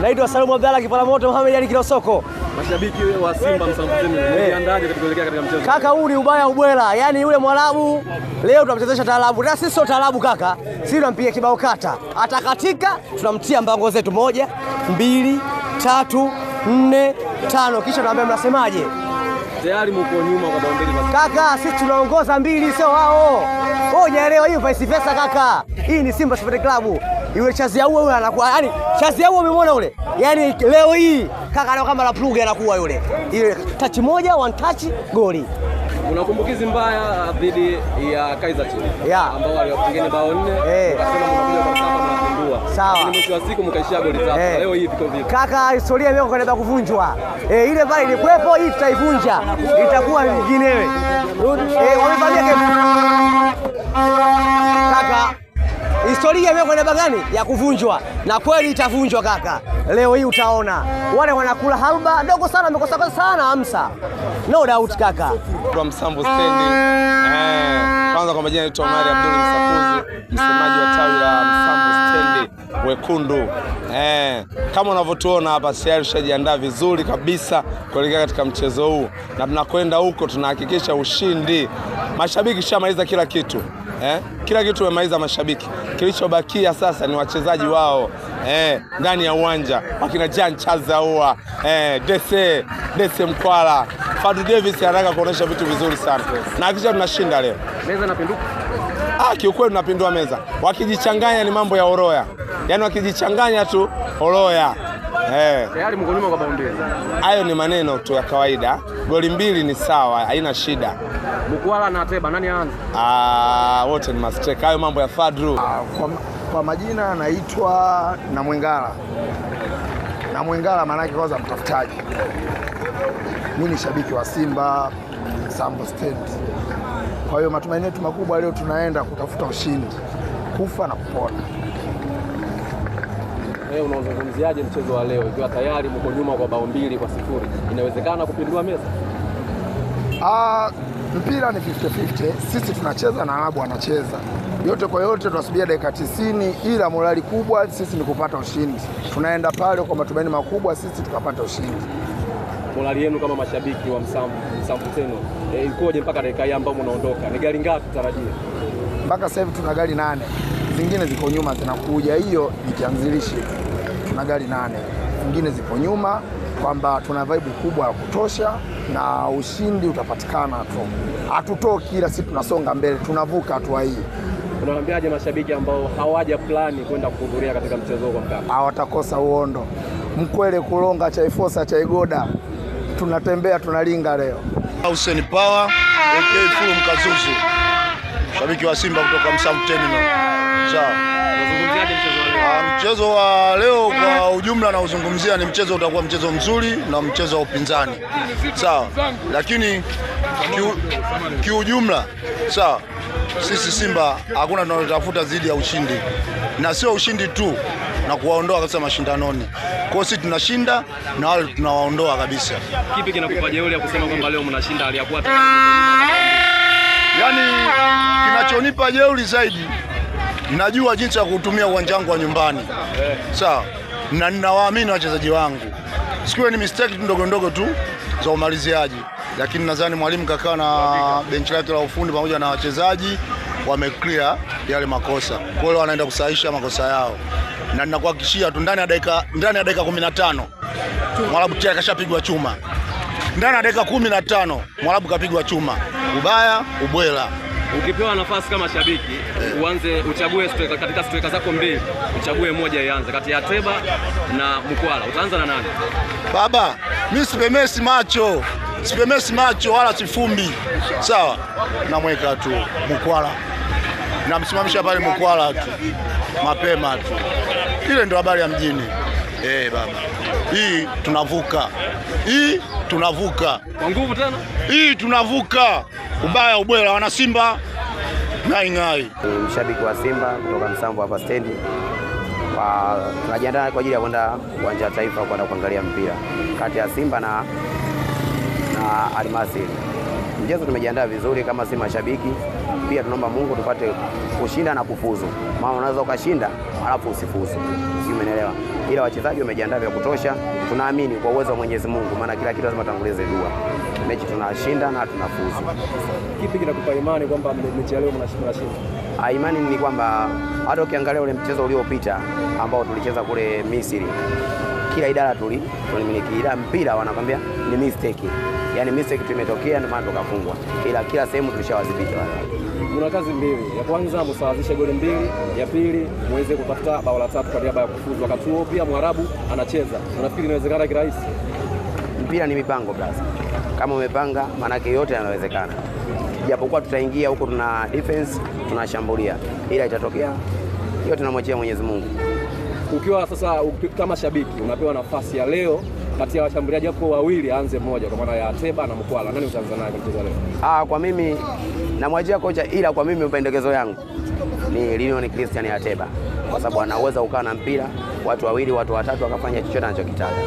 Naitwa Salumu Abdalla kipala moto Mohamed Ali Kilosoko. Mashabiki wa Simba eh. mnajiandaje kuelekea katika mchezo? Kaka, huu ni ubaya ubwela, yaani yule Mwarabu leo tunamchezesha taarabu, na sisi sio taarabu kaka, sisi tunampiga kibao kata, atakatika tunamtia mbango zetu moja, mbili, tatu, nne, tano, kisha tunamwambia mnasemaje? Tayari mko nyuma kwa bao mbili kaka, sisi tunaongoza mbili, sio wao. Wewe hujaelewa hiyo vice versa kaka. Hii ni Simba Sports Club. Yule chazi ya uwe anakuwa yani chazi ya uwe umemwona ule yani leo hii kaka anakuwa kama la plugi anakuwa yule. Ile touch moja, one touch, goli. Kuna kumbukizi mbaya uh, dhidi ya Kaizer Chiefs yeah, ambao waliwapigeni bao nne hey, eh. wakasema mnakuja kwa sababu mnapindua. Sawa. Mwisho wa siku mkaishia goli tatu. Hey. Eh. Leo hii viko vipi? Kaka, historia yako kwenye kuvunjwa. Eh, ile pale ilikuwepo, hii tutaivunja. Itakuwa nyingine wewe Eh, wamefanya kaka Historia imekuwa namba gani ya kuvunjwa, na kweli itavunjwa kaka. Leo hii utaona wale wanakula halba dogo sana, wamekosa sana hamsa, no doubt kaka. From Sambu stendi eh, kwanza kwa majina naitwa Mari Abdul Msafuzi, msemaji wa tawi la Msambu stendi wekundu eh, kama unavyotuona hapa tayari ushajiandaa vizuri kabisa kuelekea katika mchezo huu, na tunakwenda huko tunahakikisha ushindi. Mashabiki shamaliza kila kitu eh? Kila kitu wamemaliza mashabiki, kilichobakia sasa ni wachezaji wao eh, ndani ya uwanja wakina Jan Chazaua eh, Dese Dese Mkwala, Fadu Davis anataka kuonesha vitu vizuri sana na hakisha tunashinda leo. Meza inapinduka. Ah, kiukweli tunapindua meza. Wakijichanganya ni mambo ya Oroya, yaani wakijichanganya tu Oroya eh. tayari mko nyuma kwa bao mbili. Hayo ni maneno tu ya kawaida. Goli mbili ni sawa, haina shida. Bukwala na Ateba nani anza? Ah, wote ni mastreka. Hayo mambo ya Fadru. Ah, kwa, kwa majina naitwa na Mwengala na Mwengala, maana yake kwanza mtafutaji. Mimi ni shabiki wa Simba Sambo Stand. Kwa hiyo matumaini yetu makubwa leo tunaenda kutafuta ushindi, kufa na kupona. Hey, unaozungumziaje mchezo wa leo ikiwa tayari mko nyuma kwa bao mbili kwa sifuri inawezekana kupindua meza? Ah, mpira ni 50-50, sisi tunacheza na Arabu anacheza. Yote kwa yote tunasubia dakika 90, ila morali kubwa sisi ni kupata ushindi. Tunaenda pale kwa matumaini makubwa sisi tukapata ushindi. Morali yenu kama mashabiki wa msamu Msamvu tenu e, e, mpaka dakika hii ambayo mnaondoka? Ni gari ngapi tarajia? Mpaka sasa hivi tuna gari nane, zingine ziko nyuma zinakuja, hiyo ikianzilishi tuna gari nane, zingine ziko nyuma, kwamba tuna vibe kubwa ya kutosha na ushindi utapatikana tu. Hatutoki, ila sisi tunasonga mbele, tunavuka hatua hii. Unawaambiaje mashabiki ambao hawaja plani kwenda kuhudhuria katika mchezo Mkapa? Hawatakosa uondo, mkwele, kulonga, chaifosa, chaigoda, tunatembea tunalinga leo. Hussein Power AK Fulu Mkazuzu, shabiki wa Simba kutoka Msamu Terminal. Sawa. Mchezo wa leo kwa ujumla na uzungumzia ni mchezo utakuwa mchezo mzuri na mchezo wa upinzani sawa, lakini kiujumla ki sawa, sisi Simba hakuna tunalotafuta zidi ya ushindi, na sio ushindi tu na kuwaondoa kabisa mashindanoni. Kwa sisi tunashinda na wale tunawaondoa kabisa. Kipi kinakupa jeuri ya kusema kwamba leo mnashinda hali ya kuwa? Ah, eh. yaani, kinachonipa jeuri zaidi najua jinsi ya kutumia uwanja wangu wa nyumbani sawa, na ninawaamini wachezaji wangu, sikiwe ni mistake ndogo ndogo tu za umaliziaji, lakini nadhani mwalimu kakaa na benchi lake la ufundi pamoja na wachezaji wameclear yale makosa, kwa hiyo wanaenda kusahisha makosa yao, na ninakuhakikishia tu ndani ya dakika ndani ya dakika 15 mwalabu tayari kashapigwa chuma ndani ya dakika 15 mwalabu kapigwa chuma, ubaya ubwela ukipewa nafasi kama shabiki uanze uchague striker, katika striker zako mbili uchague moja ianze kati ya Teba na Mkwala, utaanza na nani? Baba, mimi sipemesi macho sipemesi macho wala sifumbi, sawa. Namweka tu Mkwala, namsimamisha pale Mkwala tu mapema tu, ile ndo habari ya mjini. Eh, baba, hii tunavuka, hii tunavuka kwa nguvu tena, hii tunavuka ubaya ubwela wana Simba ngai. Mshabiki wa Simba kutoka Msambo hapa stendi, tunajiandaa kwa ajili ya kwenda uwanja wa Taifa kwenda kuangalia mpira kati ya Simba na, na Almasiri. Mchezo tumejiandaa vizuri kama si mashabiki pia, tunaomba Mungu tupate kushinda na kufuzu, maana unaweza ukashinda alafu usifuzu, sio? Umeelewa? Ila wachezaji wamejiandaa vya kutosha, tunaamini kwa uwezo wa Mwenyezi Mungu, maana kila kitu lazima tangulize dua. Mechi tunashinda na tunafuzu. Kipi kinakupa imani kwamba mechi ya leo mnashinda? Ah, imani ni kwamba hata ukiangalia ule mchezo uliopita ambao tulicheza kule Misri kila idara tuli tulimiliki, ila mpira wanakwambia ni mistake, yani mistake tumetokea, ndio maana tukafungwa, ila kila sehemu tulishawadhibiti wale. Muna kazi mbili, ya kwanza msawazishe goli mbili, ya pili muweze kutafuta bao la tatu kwa niaba ya kufuzu. Wakati huo pia Mwarabu anacheza, unafikiri inawezekana kirahisi? Mpira ni mipango blaza, kama umepanga, maanake yote yanawezekana, japokuwa tutaingia huko, tuna defense tunashambulia, ila itatokea yote tunamwachia Mwenyezi Mungu ukiwa sasa kama shabiki unapewa nafasi ya leo kati ya washambuliaji hapo wawili aanze mmoja, kwa maana ya Ateba na Mkwala, nani utaanza naye mchezo leo? Ah, kwa mimi namwajia kocha, ila kwa mimi mapendekezo yangu ni Lionel Christian Ateba, kwa sababu anaweza kukaa na mpira watu wawili watu watatu akafanya chochote anachokitaka.